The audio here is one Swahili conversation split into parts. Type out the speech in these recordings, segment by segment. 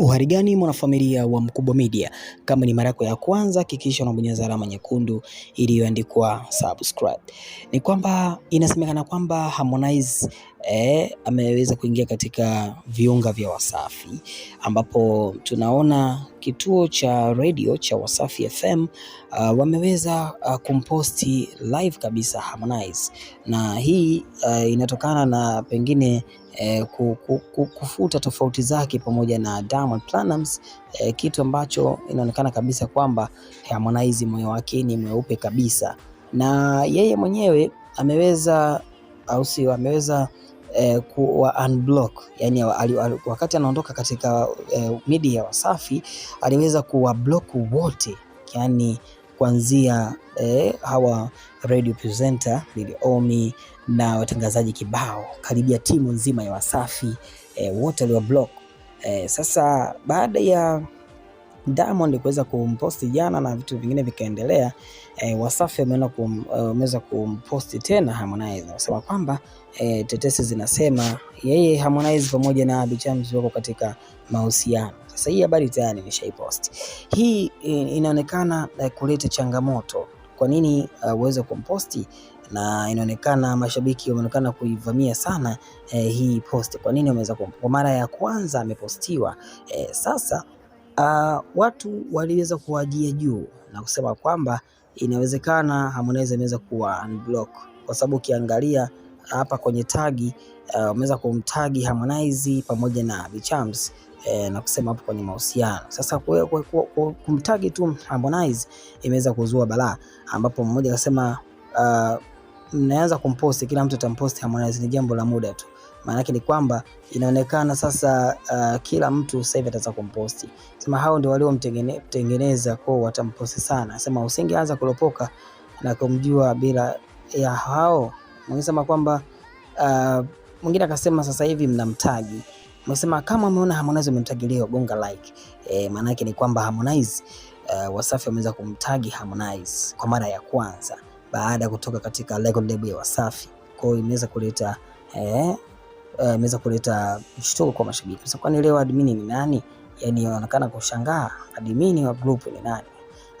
uharigani mwanafamilia wa Mkubwa Media? Kama ni mara yako ya kwanza, hakikisha unabonyeza alama nyekundu iliyoandikwa subscribe. Ni kwamba inasemekana kwamba Harmonize eh, ameweza kuingia katika viunga vya Wasafi ambapo tunaona kituo cha redio cha Wasafi FM uh, wameweza uh, kumposti live kabisa Harmonize, na hii uh, inatokana na pengine eh, kufuta tofauti zake pamoja na Diamond Platnumz eh, kitu ambacho inaonekana kabisa kwamba Harmonize moyo wake ni mweupe kabisa, na yeye mwenyewe ameweza au sio ameweza eh, kuwa unblock yani, wakati anaondoka katika eh, media ya Wasafi aliweza block wote yani kuanzia eh, hawa radio presenter Lily Omi na watangazaji kibao karibia timu nzima ya Wasafi eh, wote aliwa block eh, sasa baada ya Diamond kuweza kumposti jana na vitu vingine vikaendelea, e, Wasafi e, wameweza kumposti tena Harmonize wasema kwamba e, tetesi zinasema yeye Harmonize pamoja na Abby wako katika mahusiano. Sasa hii habari tayari nishaiposti. Hii e, inaonekana e, kuleta changamoto kwa nini uweze uh, kumposti na inaonekana mashabiki wameonekana kuivamia sana eh, hii post. Kwa nini wameweza kwa mara ya kwanza amepostiwa eh, sasa uh, watu waliweza kuwajia juu na kusema kwamba inawezekana Harmonize ameweza kuwa unblock kwa sababu ukiangalia hapa kwenye tagi ah, wameweza uh, kumtagi Harmonize pamoja na Bichams eh, na kusema hapo kwenye mahusiano. Sasa kwa, kwa, kumtagi tu Harmonize imeweza kuzua balaa, ambapo mmoja akasema uh, ah, mnaanza kumposti kila mtu atamposti Harmonize, ni jambo la muda tu. Maanake ni kwamba inaonekana sasa uh, kila mtu sasa hivi ataanza kumposti, sema hao ndio waliomtengeneza kwa watamposti sana, sema usingeanza kulopoka na kumjua bila ya hao. Mwingine sema kwamba uh, mwingine akasema sasa hivi mnamtagi Msema kama umeona Harmonize umemtagi leo gonga like. E, eh, maana ni kwamba Harmonize uh, Wasafi wameweza kumtagi Harmonize kwa mara ya kwanza baada ya kutoka katika record label ya Wasafi. Kwa hiyo imeweza kuleta eh, ameweza eh, uh, kuleta mshtuko kwa mashabiki. Sasa kwani leo admin ni nani? Yani wanaonekana kushangaa admin wa group ni nani?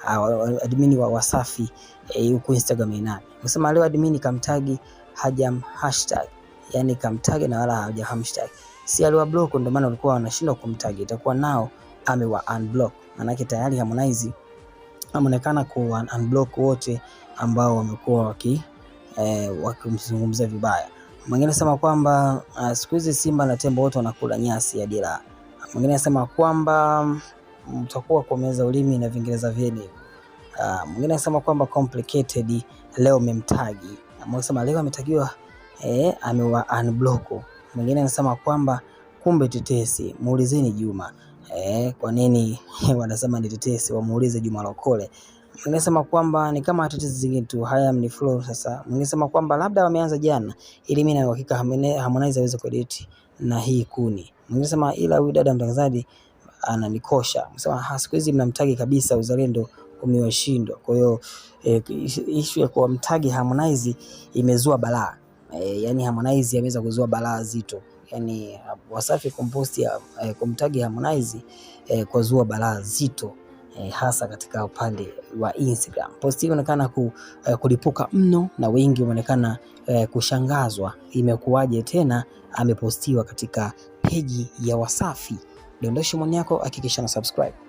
Uh, ah, admin wa Wasafi huko eh, uh, Instagram ni nani? Nasema leo admin kamtagi hajam hashtag, yani kamtagi na wala haja hashtag, si aliwa block, ndio maana walikuwa wanashindwa kumtagi. Itakuwa nao amewa unblock, maana yake tayari Harmonize ameonekana ku unblock wote ambao wamekuwa waki eh, wakimzungumza vibaya. Mwingine anasema kwamba uh, siku hizi simba na tembo wote wanakula nyasi ya dira. Mwingine anasema kwamba mm, mtakuwa kuomeza ulimi na vingereza vyeni. Uh, ah, mwingine anasema kwamba complicated leo memtagi. Mwingine anasema leo ametagiwa eh, amewa unblock. Mwingine anasema kwamba kumbe tetesi, muulizeni Juma. Eh, kwa nini wanasema ni tetesi? Wamuulize Juma Lokole. Ningesema kwamba ni kama tetesi zingine tu, haya ni flow. Sasa ningesema kwamba labda wameanza jana, ili mimi na uhakika Harmonize aweze kudate na hii kuni. Ningesema ila huyu dada mtangazaji ananikosha, sema ah, siku hizi mnamtagi kabisa, uzalendo umewashindwa. Kwa hiyo e, eh, ishu ya kuwa mtagi Harmonize imezua balaa e, yani Harmonize ameweza ya kuzua balaa zito yani Wasafi komposti ya, eh, kumtagi Harmonize eh, kwa zua balaa zito eh, hasa katika upande wa Instagram. Posti hii inaonekana ku, eh, kulipuka mno na wengi wameonekana eh, kushangazwa, imekuwaje tena amepostiwa katika peji ya Wasafi. Dondosha maoni yako, hakikisha na subscribe.